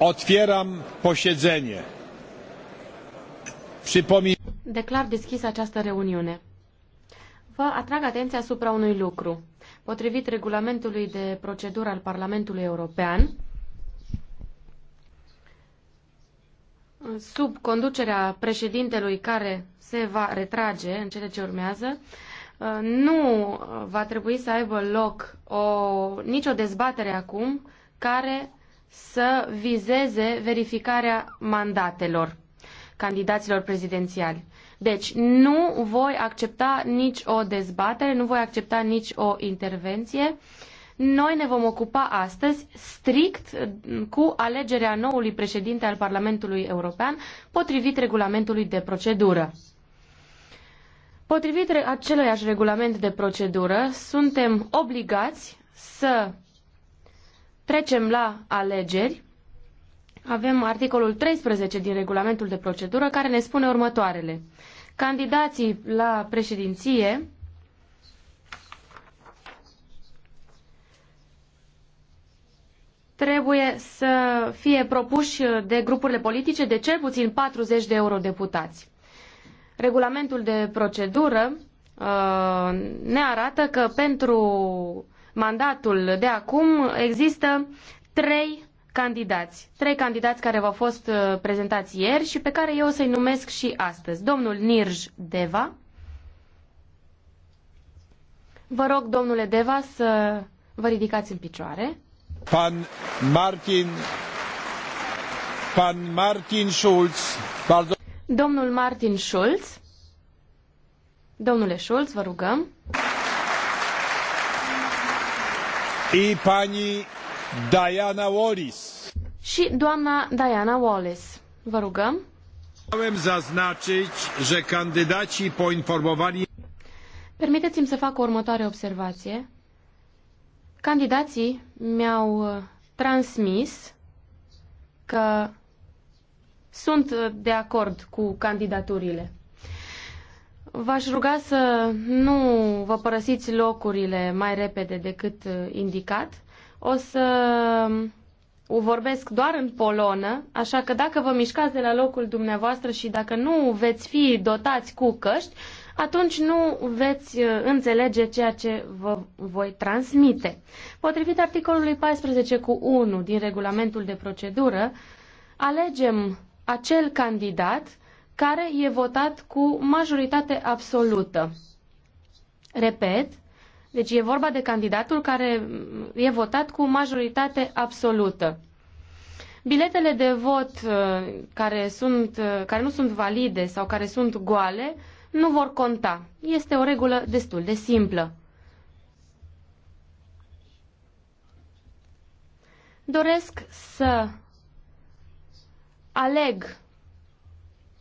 Otwieram posiedzenie. Przypomin... Declar deschis această reuniune. Vă atrag atenția asupra unui lucru. Potrivit regulamentului de procedură al Parlamentului European, sub conducerea președintelui care se va retrage în cele ce urmează, nu va trebui să aibă loc o, nicio dezbatere acum care să vizeze verificarea mandatelor candidaților prezidențiali. Deci nu voi accepta nici o dezbatere, nu voi accepta nici o intervenție. Noi ne vom ocupa astăzi strict cu alegerea noului președinte al Parlamentului European, potrivit regulamentului de procedură. Potrivit aceluiași regulament de procedură, suntem obligați să Trecem la alegeri. Avem articolul 13 din regulamentul de procedură care ne spune următoarele. Candidații la președinție trebuie să fie propuși de grupurile politice de cel puțin 40 de eurodeputați. Regulamentul de procedură uh, ne arată că pentru mandatul de acum există trei candidați. Trei candidați care v-au fost uh, prezentați ieri și pe care eu o să-i numesc și astăzi. Domnul Nirj Deva. Vă rog, domnule Deva, să vă ridicați în picioare. Pan Martin, pan Martin Schulz. Pardon. Domnul Martin Schulz. Domnule Schulz, vă rugăm și pani Diana Wallace. Și doamna Diana Wallace. Vă rugăm. Chciałem zaznaczyć, że candidaci poinformowali... Permiteți-mi să fac o următoare observație. Candidații mi-au uh, transmis că sunt uh, de acord cu candidaturile. V-aș ruga să nu vă părăsiți locurile mai repede decât uh, indicat. O să um, vorbesc doar în polonă, așa că dacă vă mișcați de la locul dumneavoastră și dacă nu veți fi dotați cu căști, atunci nu veți uh, înțelege ceea ce vă voi transmite. Potrivit articolului 14 cu 1 din regulamentul de procedură, alegem acel candidat care e votat cu majoritate absolută. Repet, deci e vorba de candidatul care e votat cu majoritate absolută. Biletele de vot uh, care, sunt, uh, care nu sunt valide sau care sunt goale nu vor conta. Este o regulă destul de simplă. Doresc să aleg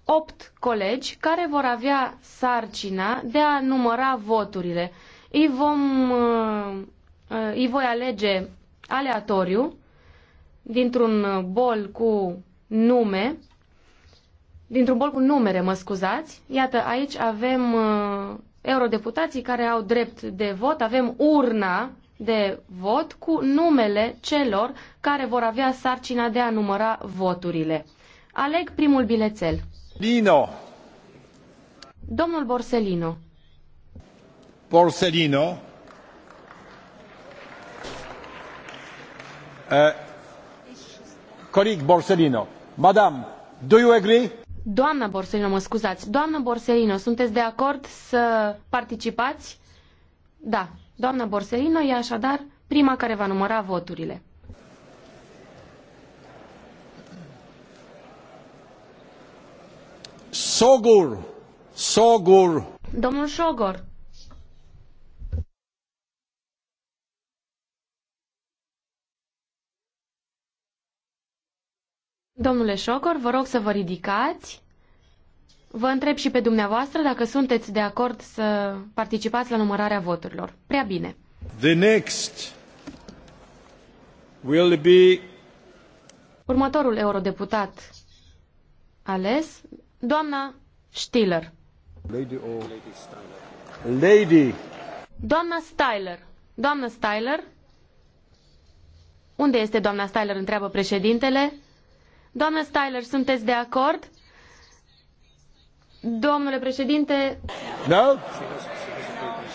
opt colegi care vor avea sarcina de a număra voturile. Îi, vom, uh, îi voi alege aleatoriu dintr-un bol cu nume, dintr-un bol cu numere, mă scuzați. Iată, aici avem uh, eurodeputații care au drept de vot, avem urna de vot cu numele celor care vor avea sarcina de a număra voturile. Aleg primul bilețel. Lino. Domnul Borsellino. Borsellino. Uh, eh, coleg Borsellino. Madame, do you agree? Doamna Borsellino, mă scuzați. Doamna Borsellino, sunteți de acord să participați? Da. Doamna Borsellino e așadar prima care va număra voturile. Sogor. Sogor. Domnul Sogor. Domnule Șocor, vă rog să vă ridicați. Vă întreb și pe dumneavoastră dacă sunteți de acord să participați la numărarea voturilor. Prea bine. The next will be... Următorul eurodeputat ales Doamna Stiller. Lady, o... Lady. Doamna Styler. Doamna Styler. Unde este doamna Styler, întreabă președintele. Doamna Styler, sunteți de acord? Domnule președinte... No? Da?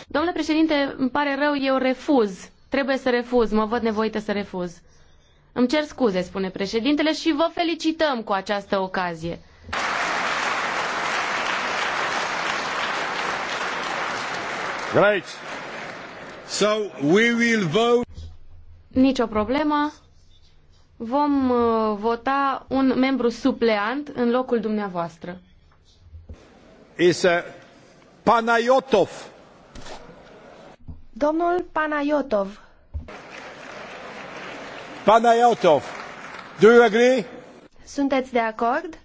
Domnule președinte, îmi pare rău, eu refuz. Trebuie să refuz, mă văd nevoită să refuz. Îmi cer scuze, spune președintele, și vă felicităm cu această ocazie. Great. So we will vote. Nicio problemă. Vom uh, vota un membru supleant în locul dumneavoastră. Este uh, Panayotov. Domnul Panayotov. Panayotov, do you agree? Sunteți de acord?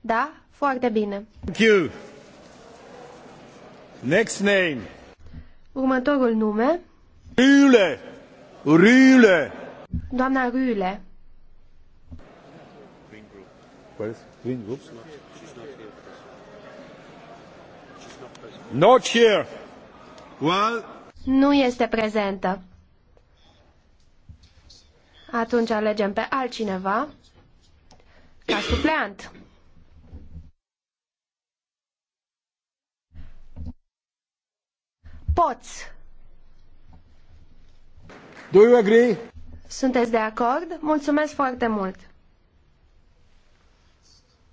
Da? Foarte bine. Thank you. Next name. Următorul nume. Rüle! Rüle! Doamna Rüle. Green Group? Not here. Well... Nu este prezentă. Atunci alegem pe altcineva ca supleant. poți. Do you agree? Sunteți de acord? Mulțumesc foarte mult.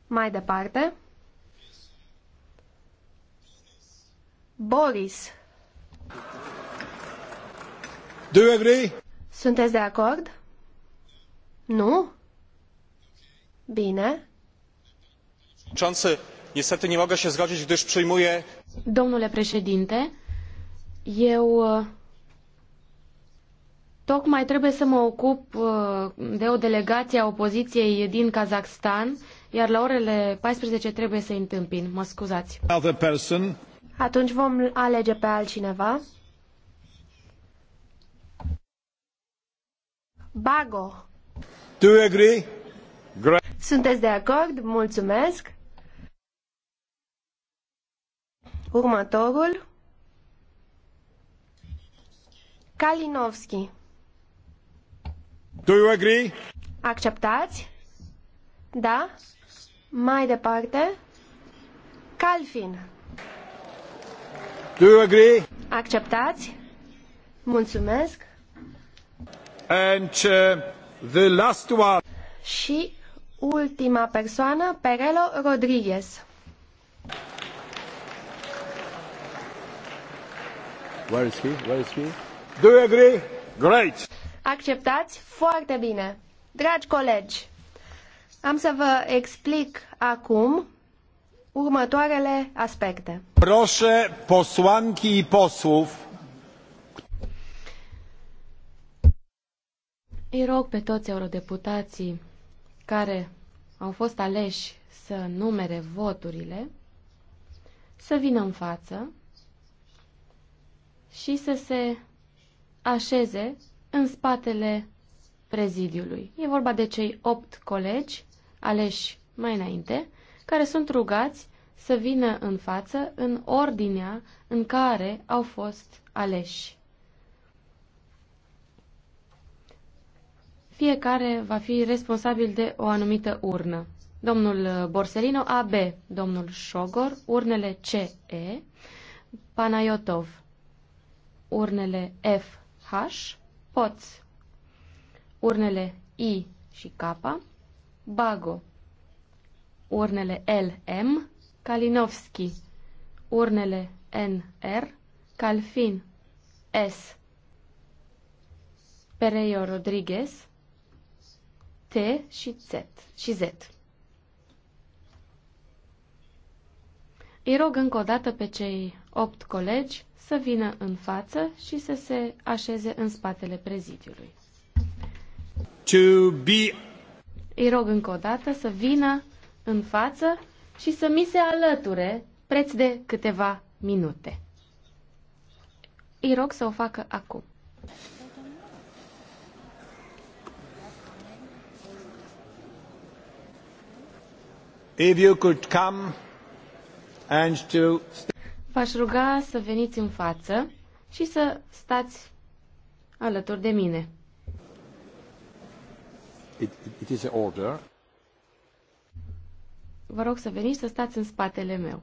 Mai departe. Boris. Do you agree? Sunteți de acord? Nu? Bine. Niestety nie mogę się zgodzić, gdyż przyjmuję... Domnule președinte, eu uh, tocmai trebuie să mă ocup uh, de o delegație a opoziției din Kazakhstan, iar la orele 14 trebuie să întâmpin. Mă scuzați. Atunci vom alege pe altcineva. Bago. Do you agree? Great. Sunteți de acord? Mulțumesc. Următorul. Kalinowski. Do you agree? Acceptați? Da? Mai departe? Calvin. Do you agree? Acceptați? Mulțumesc. And uh, the last one. Și ultima persoană, Perelo Rodriguez. Where is he? Where is he? Do you agree? Great. Acceptați? Foarte bine. Dragi colegi, am să vă explic acum următoarele aspecte. Proșe, posłanki i posłów. Îi rog pe toți eurodeputații care au fost aleși să numere voturile să vină în față și să se așeze în spatele prezidiului. E vorba de cei opt colegi aleși mai înainte, care sunt rugați să vină în față în ordinea în care au fost aleși. Fiecare va fi responsabil de o anumită urnă. Domnul Borsellino AB, domnul Șogor, urnele CE, Panayotov, urnele F H, poți. Urnele I și K, bago. Urnele L, M, Kalinowski. Urnele N, R, Calfin, S. Pereio Rodriguez, T și Z. Și Z. Îi rog încă o dată pe cei opt colegi să vină în față și să se așeze în spatele prezidiului. To be... Îi rog încă o dată să vină în față și să mi se alăture preț de câteva minute. Îi rog să o facă acum. If you could come To... V-aș ruga să veniți în față și să stați alături de mine. It, it is order. Vă rog să veniți să stați în spatele meu.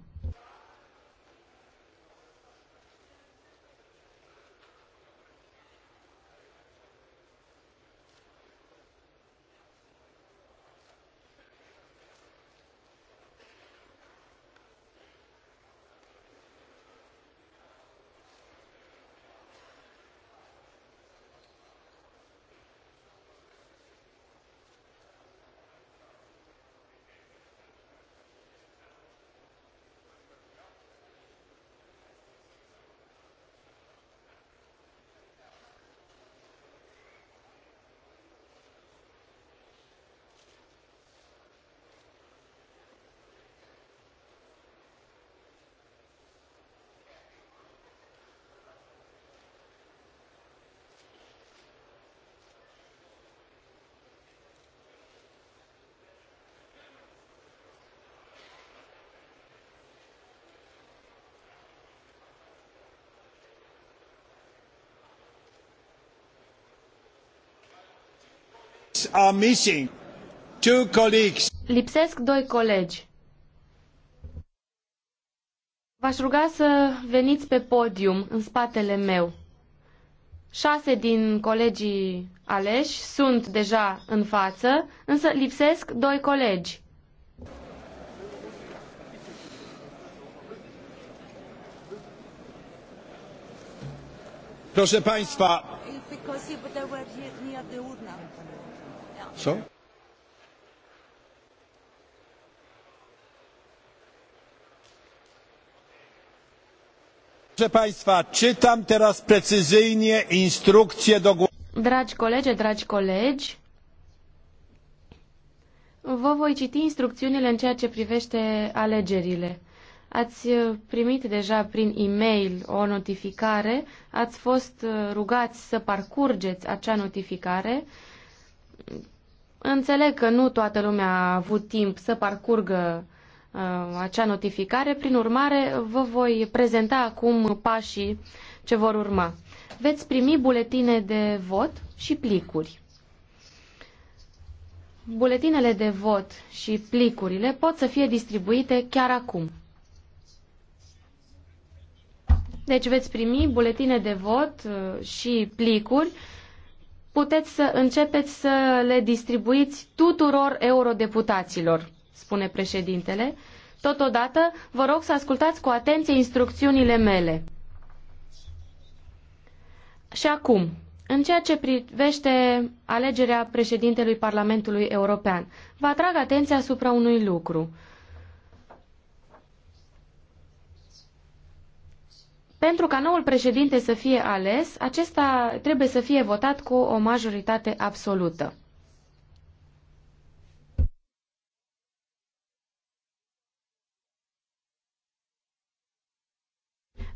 Are uh, missing. Two colleagues. Lipsesc doi colegi. V-aș ruga să veniți pe podium, în spatele meu. Șase din colegii aleși sunt deja în față, însă lipsesc doi colegi. Proszę Państwa, So? Proszę Państwa, czytam teraz precyzyjnie instrukcję do głosowania. Dragi colegi, dragi colegi, vă voi citi instrucțiunile în ceea ce privește alegerile. Ați primit deja prin e-mail o notificare, ați fost rugați să parcurgeți acea notificare Înțeleg că nu toată lumea a avut timp să parcurgă uh, acea notificare, prin urmare vă voi prezenta acum pașii ce vor urma. Veți primi buletine de vot și plicuri. Buletinele de vot și plicurile pot să fie distribuite chiar acum. Deci veți primi buletine de vot uh, și plicuri puteți să începeți să le distribuiți tuturor eurodeputaților, spune președintele. Totodată, vă rog să ascultați cu atenție instrucțiunile mele. Și acum, în ceea ce privește alegerea președintelui Parlamentului European, vă atrag atenția asupra unui lucru. Pentru ca noul președinte să fie ales, acesta trebuie să fie votat cu o majoritate absolută.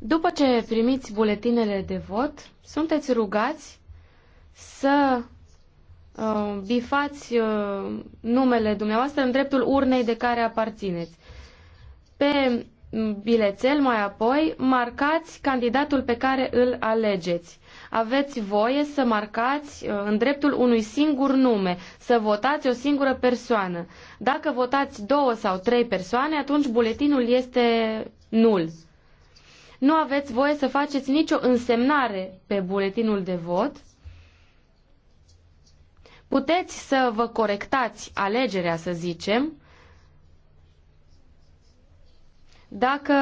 După ce primiți buletinele de vot, sunteți rugați să uh, bifați uh, numele dumneavoastră în dreptul urnei de care aparțineți. Pe bilețel mai apoi marcați candidatul pe care îl alegeți. Aveți voie să marcați uh, în dreptul unui singur nume, să votați o singură persoană. Dacă votați două sau trei persoane, atunci buletinul este nul. Nu aveți voie să faceți nicio însemnare pe buletinul de vot. Puteți să vă corectați alegerea, să zicem, dacă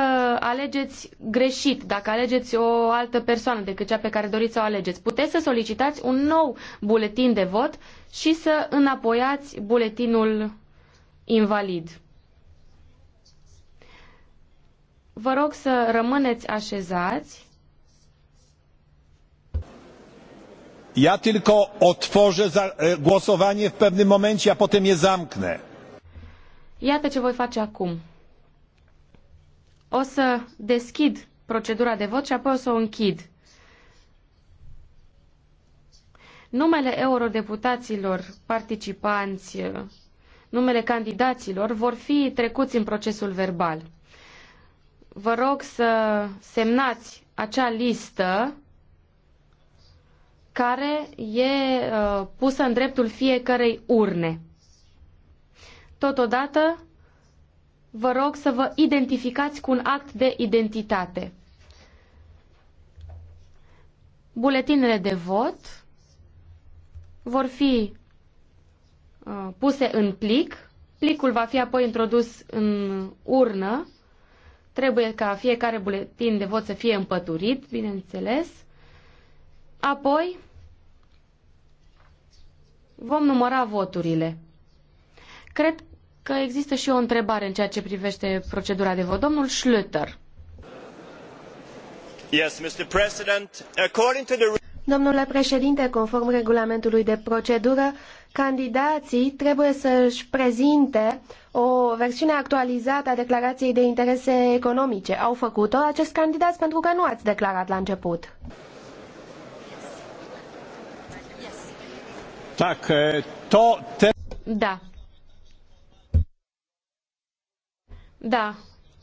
alegeți greșit, dacă alegeți o altă persoană decât cea pe care doriți să o alegeți, puteți să solicitați un nou buletin de vot și să înapoiați buletinul invalid. Vă rog să rămâneți așezați. Ja tylko otworzę głosowanie w pewnym momencie, a potem je zamknę. te ce voi face acum. O să deschid procedura de vot și apoi o să o închid. Numele eurodeputaților participanți, numele candidaților, vor fi trecuți în procesul verbal. Vă rog să semnați acea listă care e uh, pusă în dreptul fiecarei urne. Totodată, vă rog să vă identificați cu un act de identitate. Buletinele de vot vor fi uh, puse în plic. Plicul va fi apoi introdus în urnă. Trebuie ca fiecare buletin de vot să fie împăturit, bineînțeles. Apoi vom număra voturile. Cred că există și o întrebare în ceea ce privește procedura de vot. Domnul Schlüter. Yes, Mr. President, according to the... Domnule președinte, conform regulamentului de procedură, candidații trebuie să-și prezinte o versiune actualizată a declarației de interese economice. Au făcut-o acest candidat pentru că nu ați declarat la început. Da. Da,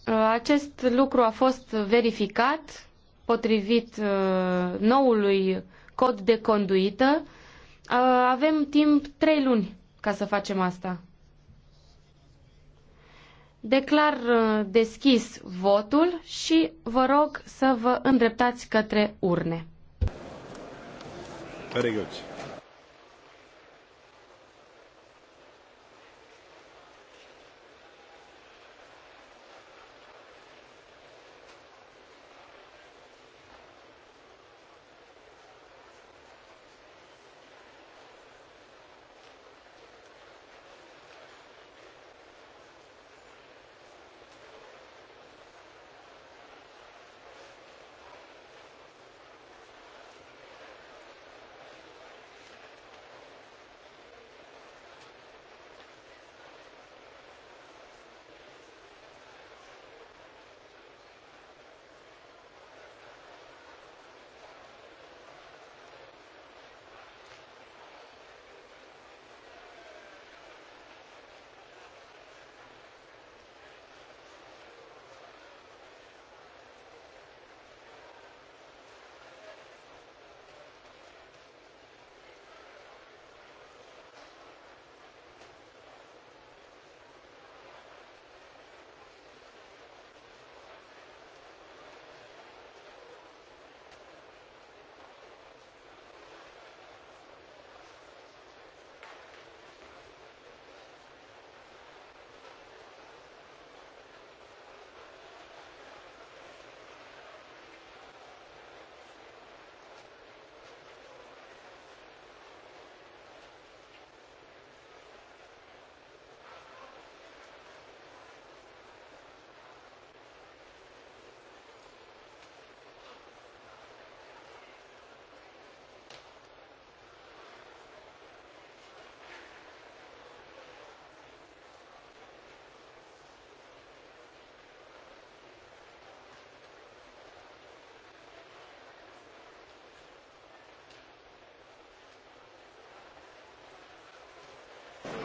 uh, acest lucru a fost verificat potrivit uh, noului cod de conduită. Uh, avem timp trei luni ca să facem asta. Declar deschis votul și vă rog să vă îndreptați către urne. Very good.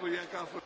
ca.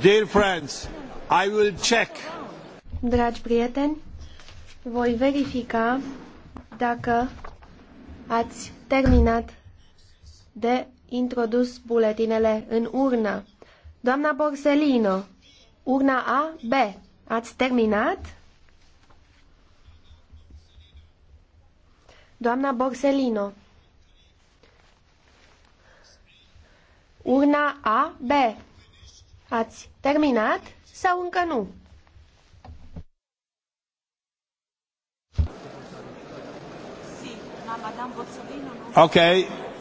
Dear friends, I will check. Dragi prieteni, voi verifica dacă ați terminat de introdus buletinele în urnă. Doamna Borsellino, urna A, B, ați terminat? Doamna Borsellino. Urna A, B. Ați terminat sau încă nu? Ok,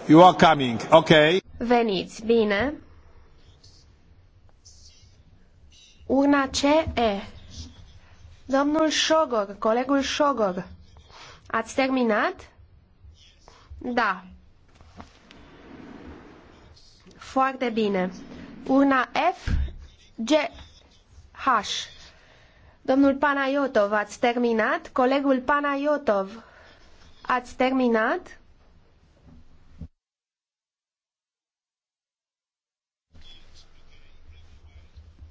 you are coming, ok. Veniți, bine. Urna CE. e, Domnul Șogor, colegul Șogor, ați terminat? Da. Foarte bine. Urna F, G, H. Domnul Panayotov, ați terminat? Colegul Panayotov, ați terminat?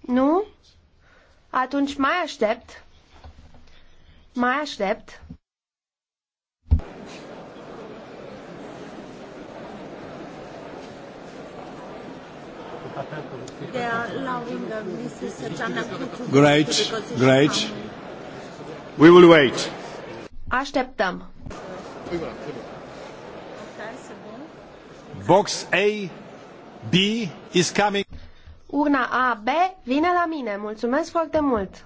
Nu? Atunci mai aștept. Mai aștept. Great, great. We will wait. Așteptăm. Box A, B is coming. Urna A, B vine la mine. Mulțumesc foarte mult.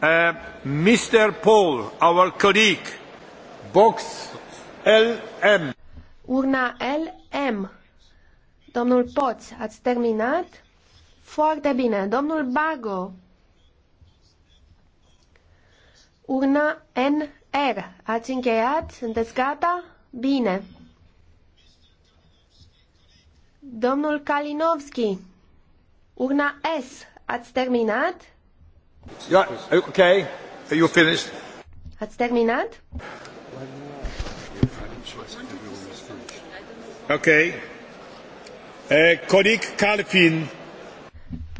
Uh, Mr. Paul, our colleague, box LM. Urna LM. Domnul Poț, ați terminat? Foarte bine. Domnul Bago. Urna NR. Ați încheiat? Sunteți gata? Bine. Domnul Kalinowski. Urna S. Ați terminat? Yeah, okay. You finished. Ați terminat? Ok. Eh, uh, Calfin.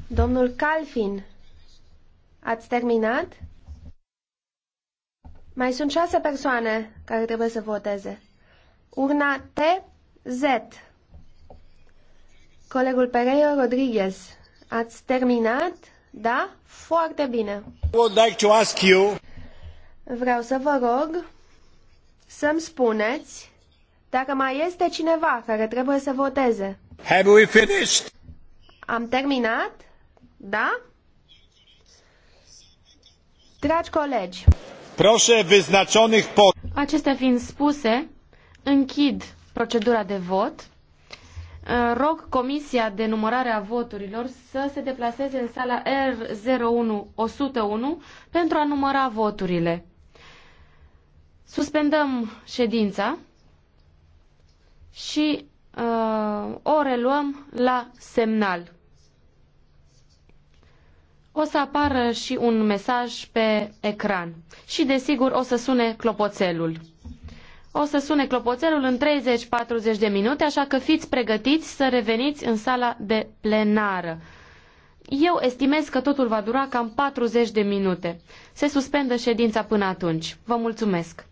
Domnul Calfin, ați terminat? Mai sunt șase persoane care trebuie să voteze. Urna T, Z. Colegul Pereio Rodriguez, ați terminat? Da? Foarte bine. Would like to ask you... Vreau să vă rog să-mi spuneți dacă mai este cineva care trebuie să voteze. Have we finished? Am terminat? Da? Dragi colegi, po... Acestea fiind spuse, închid procedura de vot. Eh, rog Comisia de numărare a voturilor să se deplaseze în sala R01101 pentru a număra voturile. Suspendăm ședința și uh, o reluăm la semnal. O să apară și un mesaj pe ecran și, desigur, o să sune clopoțelul. O să sune clopoțelul în 30-40 de minute, așa că fiți pregătiți să reveniți în sala de plenară. Eu estimez că totul va dura cam 40 de minute. Se suspendă ședința până atunci. Vă mulțumesc!